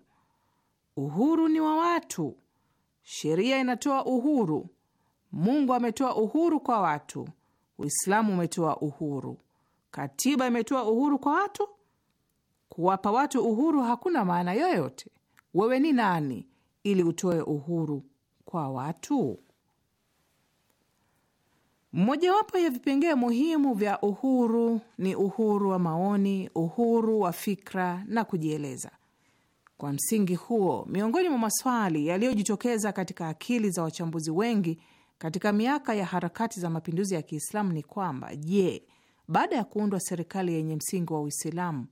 Uhuru ni wa watu, sheria inatoa uhuru, Mungu ametoa uhuru kwa watu. Uislamu umetoa uhuru, katiba imetoa uhuru kwa watu. Kuwapa watu uhuru hakuna maana yoyote. Wewe ni nani ili utoe uhuru kwa watu? Mojawapo ya vipengee muhimu vya uhuru ni uhuru wa maoni, uhuru wa fikra na kujieleza. Kwa msingi huo, miongoni mwa maswali yaliyojitokeza katika akili za wachambuzi wengi katika miaka ya harakati za mapinduzi ya Kiislamu ni kwamba je, baada ya kuundwa serikali yenye msingi wa Uislamu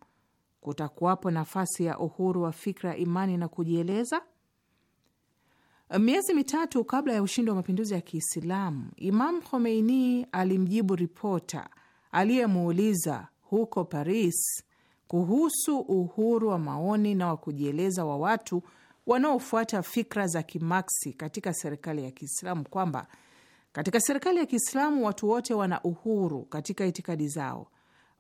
kutakuwapo nafasi ya uhuru wa fikra, imani na kujieleza? Miezi mitatu kabla ya ushindi wa mapinduzi ya Kiislamu, Imam Khomeini alimjibu ripota aliyemuuliza huko Paris kuhusu uhuru wa maoni na wa kujieleza wa watu wanaofuata fikra za kimaksi katika serikali ya Kiislamu kwamba katika serikali ya Kiislamu watu wote wana uhuru katika itikadi zao.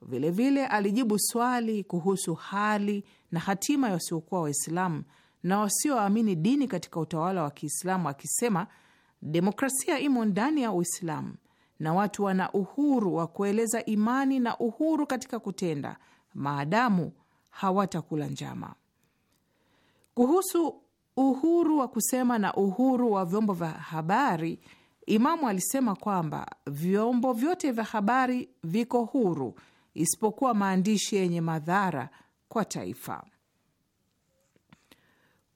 Vilevile vile, alijibu swali kuhusu hali na hatima ya wasiokuwa Waislamu na wasioamini dini katika utawala wa Kiislamu akisema, demokrasia imo ndani ya Uislamu na watu wana uhuru wa kueleza imani na uhuru katika kutenda maadamu hawatakula njama. Kuhusu uhuru wa kusema na uhuru wa vyombo vya habari, Imamu alisema kwamba vyombo vyote vya habari viko huru isipokuwa maandishi yenye madhara kwa taifa.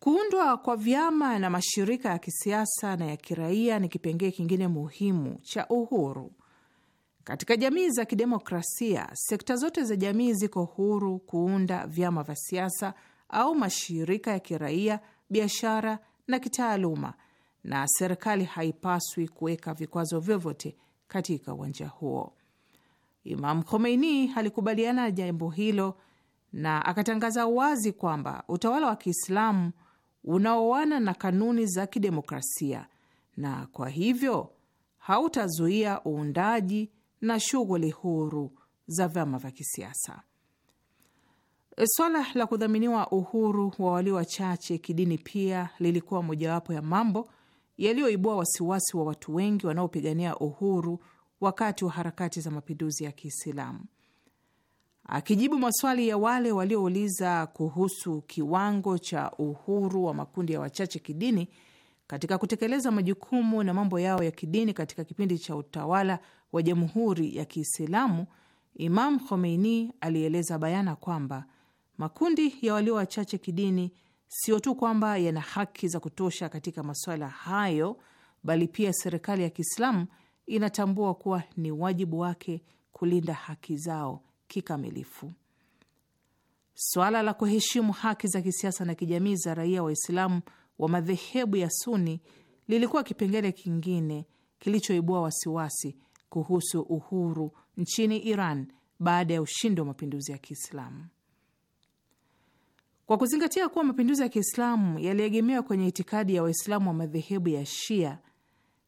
Kuundwa kwa vyama na mashirika ya kisiasa na ya kiraia ni kipengee kingine muhimu cha uhuru. Katika jamii za kidemokrasia, sekta zote za jamii ziko huru kuunda vyama vya siasa au mashirika ya kiraia, biashara na kitaaluma, na serikali haipaswi kuweka vikwazo vyovyote katika uwanja huo. Imam Khomeini alikubaliana na jambo hilo na akatangaza wazi kwamba utawala wa Kiislamu unaoana na kanuni za kidemokrasia na kwa hivyo hautazuia uundaji na shughuli huru za vyama vya kisiasa. Eh, swala la kudhaminiwa uhuru wa walio wachache kidini pia lilikuwa mojawapo ya mambo yaliyoibua wasiwasi wa watu wengi wanaopigania uhuru wakati wa harakati za mapinduzi ya Kiislamu. Akijibu maswali ya wale waliouliza kuhusu kiwango cha uhuru wa makundi ya wachache kidini katika kutekeleza majukumu na mambo yao ya kidini katika kipindi cha utawala wa Jamhuri ya Kiislamu, Imam Khomeini alieleza bayana kwamba Makundi ya walio wachache kidini sio tu kwamba yana haki za kutosha katika masuala hayo, bali pia serikali ya Kiislamu inatambua kuwa ni wajibu wake kulinda haki zao kikamilifu. Suala la kuheshimu haki za kisiasa na kijamii za raia Waislamu wa madhehebu ya Suni lilikuwa kipengele kingine kilichoibua wasiwasi kuhusu uhuru nchini Iran baada ya ushindi wa mapinduzi ya Kiislamu. Kwa kuzingatia kuwa mapinduzi ya Kiislamu yaliegemewa kwenye itikadi ya Waislamu wa madhehebu ya Shia,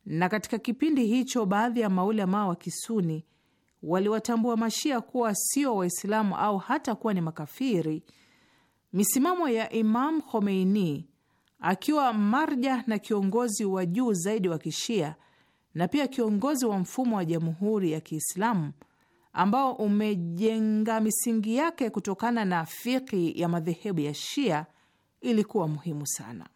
na katika kipindi hicho baadhi ya maulamaa wa Kisuni waliwatambua Mashia kuwa sio Waislamu au hata kuwa ni makafiri, misimamo ya Imam Khomeini akiwa marja na kiongozi wa juu zaidi wa Kishia na pia kiongozi wa mfumo wa jamhuri ya Kiislamu ambao umejenga misingi yake kutokana na fiki ya madhehebu ya Shia ilikuwa muhimu sana.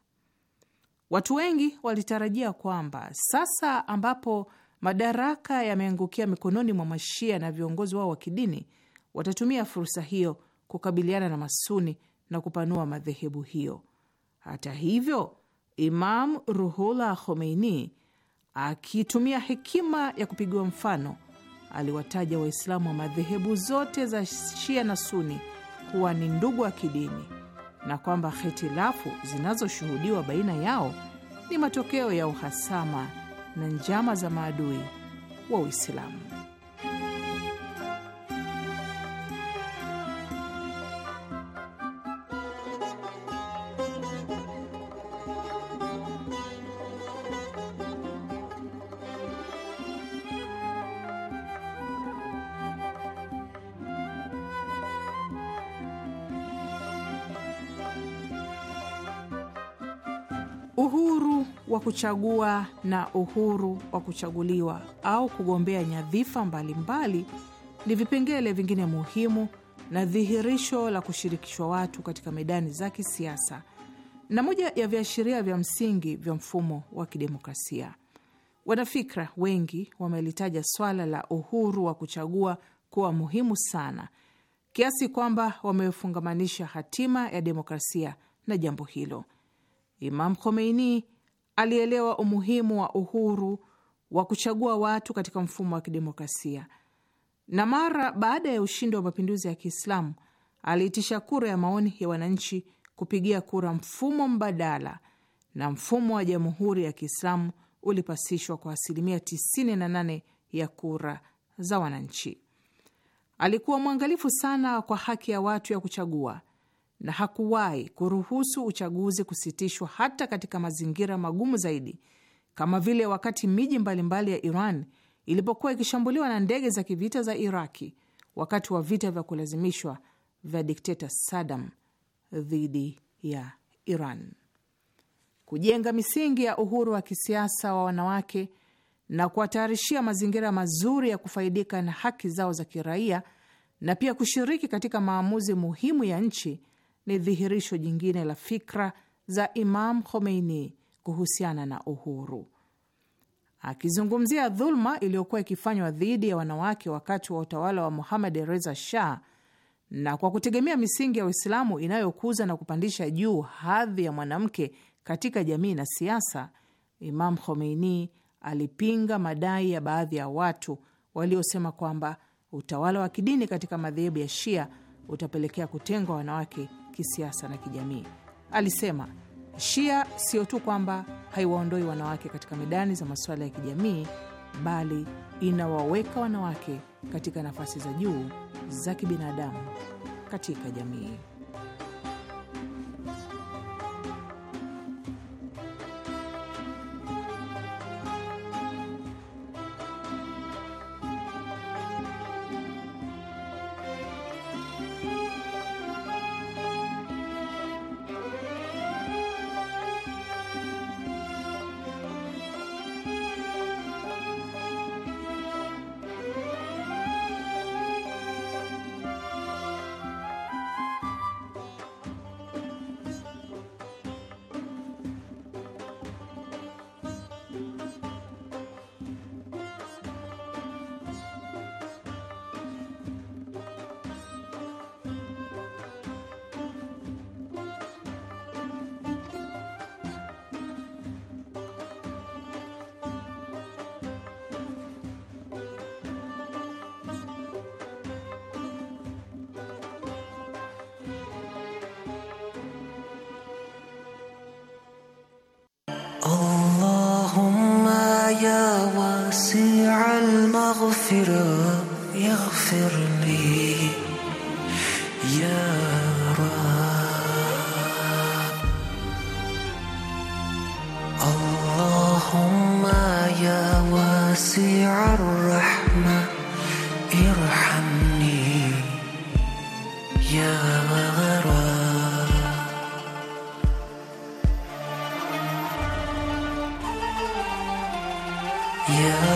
Watu wengi walitarajia kwamba sasa ambapo madaraka yameangukia mikononi mwa Mashia na viongozi wao wa kidini, watatumia fursa hiyo kukabiliana na Masuni na kupanua madhehebu hiyo. Hata hivyo, Imam Ruhullah Khomeini akitumia hekima ya kupigiwa mfano aliwataja Waislamu wa madhehebu zote za Shia na Suni kuwa ni ndugu wa kidini na kwamba hitilafu zinazoshuhudiwa baina yao ni matokeo ya uhasama na njama za maadui wa Uislamu. uhuru wa kuchagua na uhuru wa kuchaguliwa au kugombea nyadhifa mbalimbali ni vipengele vingine muhimu na dhihirisho la kushirikishwa watu katika medani za kisiasa na moja ya viashiria vya msingi vya mfumo wa kidemokrasia. Wanafikra wengi wamelitaja swala la uhuru wa kuchagua kuwa muhimu sana kiasi kwamba wamefungamanisha hatima ya demokrasia na jambo hilo. Imam Khomeini alielewa umuhimu wa uhuru wa kuchagua watu katika mfumo wa kidemokrasia, na mara baada ya ushindi wa mapinduzi ya Kiislamu aliitisha kura ya maoni ya wananchi kupigia kura mfumo mbadala, na mfumo wa jamhuri ya Kiislamu ulipasishwa kwa asilimia 98 ya kura za wananchi. Alikuwa mwangalifu sana kwa haki ya watu ya kuchagua na hakuwahi kuruhusu uchaguzi kusitishwa hata katika mazingira magumu zaidi, kama vile wakati miji mbalimbali ya Iran ilipokuwa ikishambuliwa na ndege za kivita za Iraki wakati wa vita vya kulazimishwa vya dikteta Saddam dhidi ya Iran. Kujenga misingi ya uhuru wa kisiasa wa wanawake na kuwatayarishia mazingira mazuri ya kufaidika na haki zao za kiraia na pia kushiriki katika maamuzi muhimu ya nchi ni dhihirisho jingine la fikra za Imam Khomeini kuhusiana na uhuru. Akizungumzia dhuluma iliyokuwa ikifanywa dhidi ya wanawake wakati wa utawala wa Muhammad Reza Shah na kwa kutegemea misingi ya Uislamu inayokuza na kupandisha juu hadhi ya mwanamke katika jamii na siasa, Imam Khomeini alipinga madai ya baadhi ya watu waliosema kwamba utawala wa kidini katika madhehebu ya Shia utapelekea kutengwa wanawake kisiasa na kijamii. Alisema Shia sio tu kwamba haiwaondoi wanawake katika medani za masuala ya kijamii, bali inawaweka wanawake katika nafasi za juu za kibinadamu katika jamii. you.